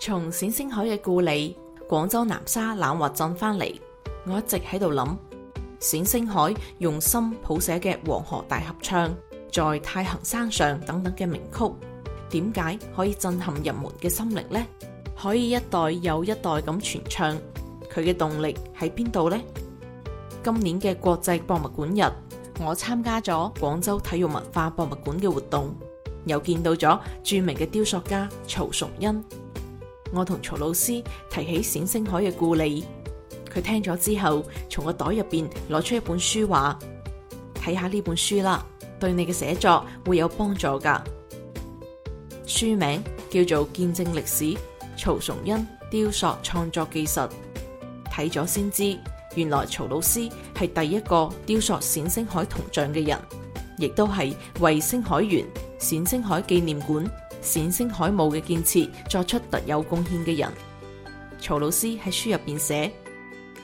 從冼星海嘅故里廣州南沙欖核鎮翻嚟，我一直喺度諗冼星海用心譜寫嘅《黃河大合唱》、在太行山上等等嘅名曲，點解可以震撼人們嘅心靈呢？可以一代又一代咁傳唱，佢嘅動力喺邊度呢？今年嘅國際博物館日，我參加咗廣州體育文化博物館嘅活動，又見到咗著名嘅雕塑家曹崇恩。我同曹老師提起冼星海嘅故里，佢聽咗之後，從個袋入邊攞出一本書，話睇下呢本書啦，對你嘅寫作會有幫助噶。書名叫做《見證歷史》，曹崇恩雕塑創作紀實。睇咗先知，原來曹老師係第一個雕塑冼星海銅像嘅人，亦都係為星海園、冼星海紀念館。冼星海墓嘅建設作出特有貢獻嘅人，曹老師喺書入邊寫：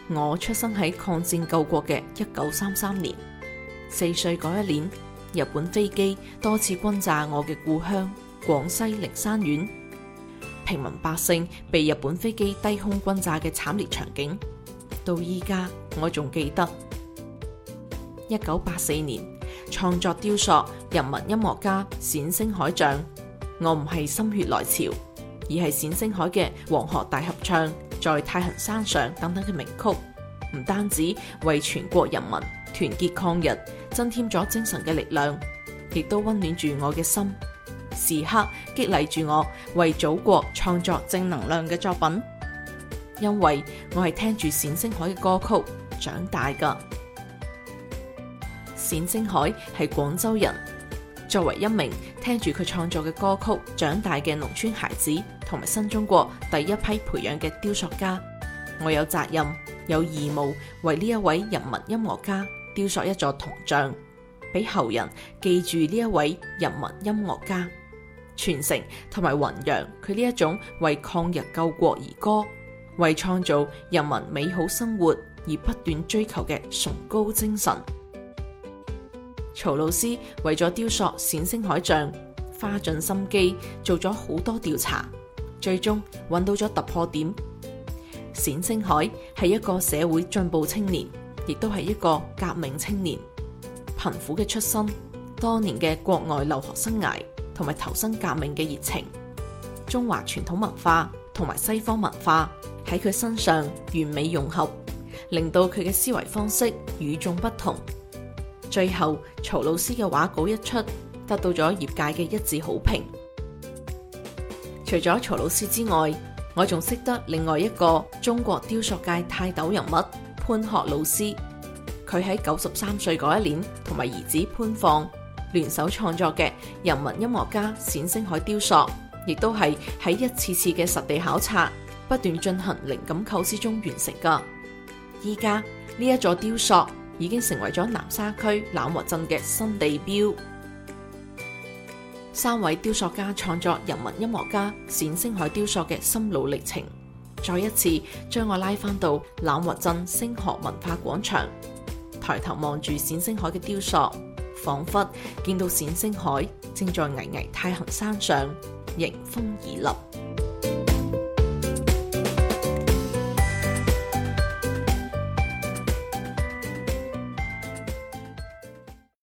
我出生喺抗戰救國嘅一九三三年，四歲嗰一年，日本飛機多次轟炸我嘅故鄉廣西靈山縣，平民百姓被日本飛機低空轟炸嘅慘烈場景，到依家我仲記得。一九八四年，創作雕塑、人民音樂家冼星海像。我唔係心血來潮，而係冼星海嘅《黃河大合唱》、《在太行山上》等等嘅名曲，唔單止為全國人民團結抗日增添咗精神嘅力量，亦都溫暖住我嘅心，時刻激勵住我為祖國創作正能量嘅作品。因為我係聽住冼星海嘅歌曲長大㗎，冼星海係廣州人。作為一名聽住佢創作嘅歌曲長大嘅農村孩子，同埋新中國第一批培養嘅雕塑家，我有責任、有義務為呢一位人民音樂家雕塑一座銅像，俾後人記住呢一位人民音樂家，傳承同埋弘揚佢呢一種為抗日救國而歌、為創造人民美好生活而不斷追求嘅崇高精神。曹老師為咗雕塑冼星海像，花盡心機，做咗好多調查，最終揾到咗突破點。冼星海係一個社會進步青年，亦都係一個革命青年。貧苦嘅出身，多年嘅國外留學生涯，同埋投身革命嘅熱情，中華傳統文化同埋西方文化喺佢身上完美融合，令到佢嘅思維方式與眾不同。最後，曹老師嘅畫稿一出，得到咗業界嘅一致好評。除咗曹老師之外，我仲識得另外一個中國雕塑界泰斗人物潘鶴老師。佢喺九十三歲嗰一年，同埋兒子潘放聯手創作嘅人民音樂家冼星海雕塑，亦都係喺一次次嘅實地考察，不斷進行靈感構思中完成噶。依家呢一座雕塑，已經成為咗南沙區欖核鎮嘅新地標。三位雕塑家創作人民音樂家冼星海雕塑嘅心路歷程，再一次將我拉翻到欖核鎮星河文化廣場，抬頭望住冼星海嘅雕塑，仿佛見到冼星海正在巍巍太行山上迎風而立。